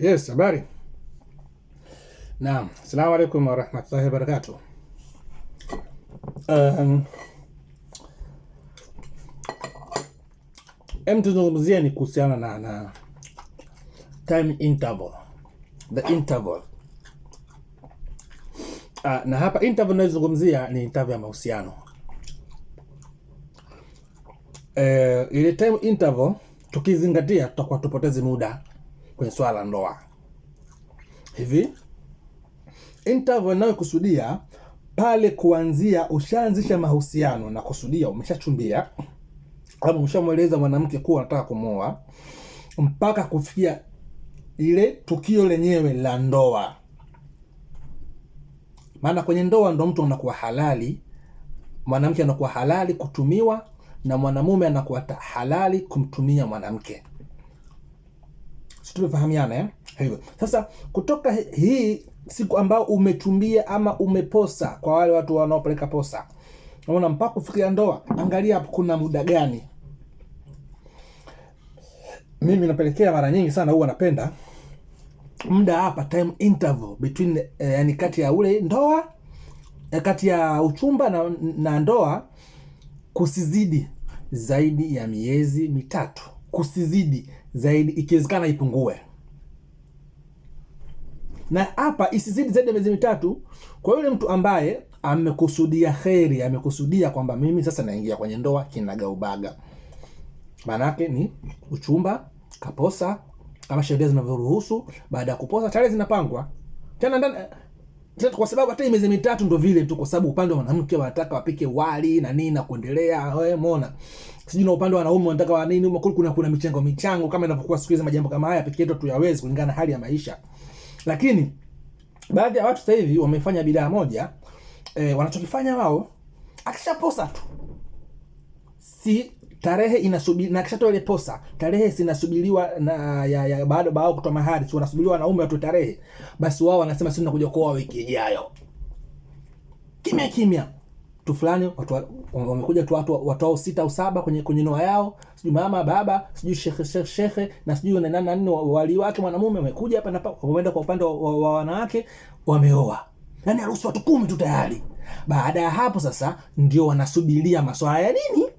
Yes, habari. Naam, asalamu assalamu alaikum warahmatullahi wabarakatuh. Um, em tuzungumzia ni kuhusiana na, na time interval, the interval uh, na hapa interval inayozungumzia ni interval ya mahusiano uh, ile time interval tukizingatia tutakuwa tupotezi muda kwenye swala la ndoa. Hivi interval inayokusudia pale kuanzia ushaanzisha mahusiano na kusudia, umeshachumbia ama umeshamweleza mwanamke kuwa unataka kumwoa mpaka kufikia ile tukio lenyewe la ndoa. Maana kwenye ndoa ndo mtu anakuwa halali, mwanamke anakuwa halali kutumiwa na mwanamume anakuwa halali kumtumia mwanamke si tumefahamiana eh? Hivyo sasa, kutoka hii siku ambayo umetumbia ama umeposa, kwa wale watu wanaopeleka posa, unaona mpaka kufikia ndoa, angalia hapo kuna muda gani. Mimi napelekea mara nyingi sana, huwa napenda muda hapa, time interval between eh, yani kati ya ule ndoa eh, kati ya uchumba na, na ndoa kusizidi zaidi ya miezi mitatu kusizidi zaidi, ikiwezekana ipungue, na hapa isizidi zaidi ya miezi mitatu, kwa yule mtu ambaye amekusudia kheri, amekusudia kwamba mimi sasa naingia kwenye ndoa kinagaubaga, maanaake ni uchumba, kaposa kama sheria zinavyoruhusu. Baada ya kuposa, tarehe zinapangwa tena ndani kwa sababu hata miezi mitatu ndo vile tu, kwa sababu upande wa mwanamke wanataka wapike wali na nini na kuendelea, wewe umeona sijui, na upande wa wanaume wanataka wa nini, makulu kuna kuna michango michango kama inavyokuwa siku hizi, majambo kama haya pekee yetu tuyawezi kulingana na hali ya maisha. Lakini baadhi ya watu sasa hivi wamefanya bidhaa moja eh, wanachokifanya wao akishaposa tu si tarehe inasubiri na kishatoa ile posa, tarehe zinasubiriwa na ya, ya baada baada kutoa mahari, si wanasubiriwa wanaume watoe tarehe. Basi wao wanasema sisi tunakuja kuoa wiki ijayo, kimya kimya tu fulani watu wamekuja tu watu watao sita au saba kwenye kwenye ndoa yao, sijui mama baba, sijui shekhe shekhe shekhe na sijui na nani nani wali wake mwanamume wamekuja hapa na hapa, wameenda kwa upande wa wanawake wameoa, yani harusi watu kumi tu tayari. Baada ya hapo sasa ndio wanasubiria masuala ya nini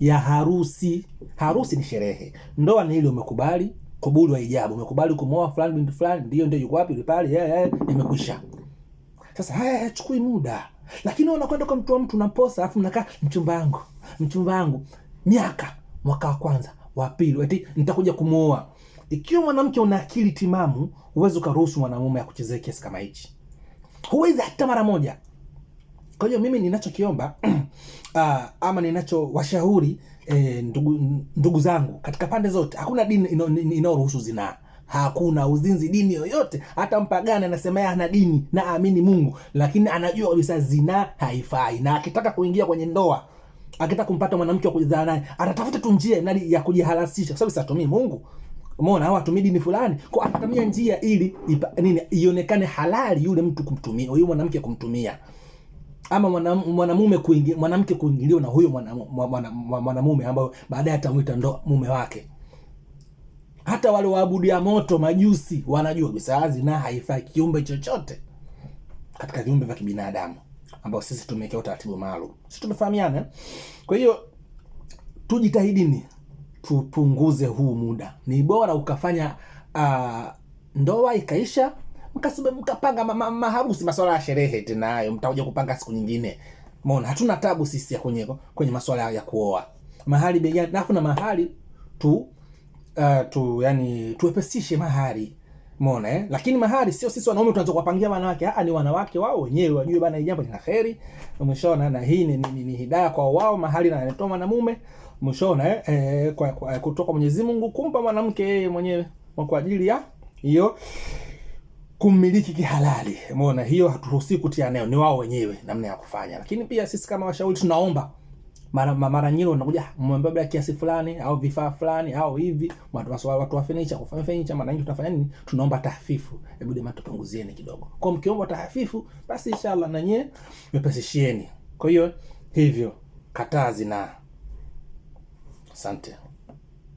ya harusi. Harusi ni sherehe, ndoa ni ile umekubali kubuli wa ijabu, umekubali kumoa fulani binti fulani, ndio ndio, yuko wapi yule pale, yeye yeye, imekwisha. Sasa haya hayachukui muda, lakini unakwenda kwa mtu wa mtu unaposa, alafu mnakaa mchumba wangu, mchumba wangu, miaka mwaka wa kwanza wa pili, eti nitakuja kumwoa. Ikiwa mwanamke una akili timamu, huwezi ukaruhusu mwanamume akuchezee kesi kama hichi, huwezi hata mara moja. Kwa hiyo mimi ninachokiomba uh, ama ninachowashauri eh, ndugu, ndugu zangu katika pande zote, hakuna dini inayoruhusu zinaa hakuna uzinzi, dini yoyote. Hata mpagani anasema yeye ana dini na aamini Mungu, lakini anajua kabisa zinaa haifai, na akitaka kuingia kwenye ndoa, akitaka kumpata mwanamke wa kujizaa naye, atatafuta tu njia mradi ya kujihalasisha, kwa sababu si Mungu, umeona, au atumii dini fulani, kwa atatumia njia ili ipa, nini ionekane halali yule mtu kumtumia, huyu mwanamke kumtumia ama mwanamume kuingiliwa, mwanamke kuingiliwa na huyo mwanamume ambayo baadaye atamwita ndo mume wake. Hata wale waabudia moto majusi wanajua bisaazi na haifai kiumbe chochote katika viumbe vya kibinadamu ambao sisi tumewekea utaratibu maalum, sisi tumefahamiana. Kwa hiyo tujitahidini tupunguze huu muda. Ni bora ukafanya uh, ndoa ikaisha mkasibe mkapanga maharusi ma, ma, maswala ya sherehe tena hayo, mtakuja kupanga siku nyingine. Umeona, hatuna tabu sisi ya kwenye kwenye maswala ya kuoa mahali bei gani, na mahali tu uh, tu yani tuepesishe mahali Umeona eh? Lakini mahali sio sisi wanaume tunaanza kuwapangia wanawake. Ah, ni wanawake wao wenyewe wajue bana jambo ni laheri. Umeshaona na hii ni, ni, ni ni hidayah kwa wao mahali na anatoa mwanamume. Umeshaona eh? eh kwa, kwa, kutoka Mwenyezi Mungu kumpa mwanamke yeye mwenyewe kwa ajili ya hiyo kumiliki kihalali. Umeona, hiyo haturuhusi kutia nayo, ni wao wenyewe namna ya kufanya. Lakini pia sisi kama washauri tunaomba mara mara nyingi unakuja mwambie mwambia kiasi fulani au vifaa fulani au hivi watu wa watu wa furniture kufanya furniture, mara nyingi tunafanya nini? Tunaomba tahfifu, hebu jamaa tupunguzieni kidogo. Kwa mkiomba tahfifu, basi inshallah na nyie mepesishieni. Kwa hiyo hivyo katazi na asante.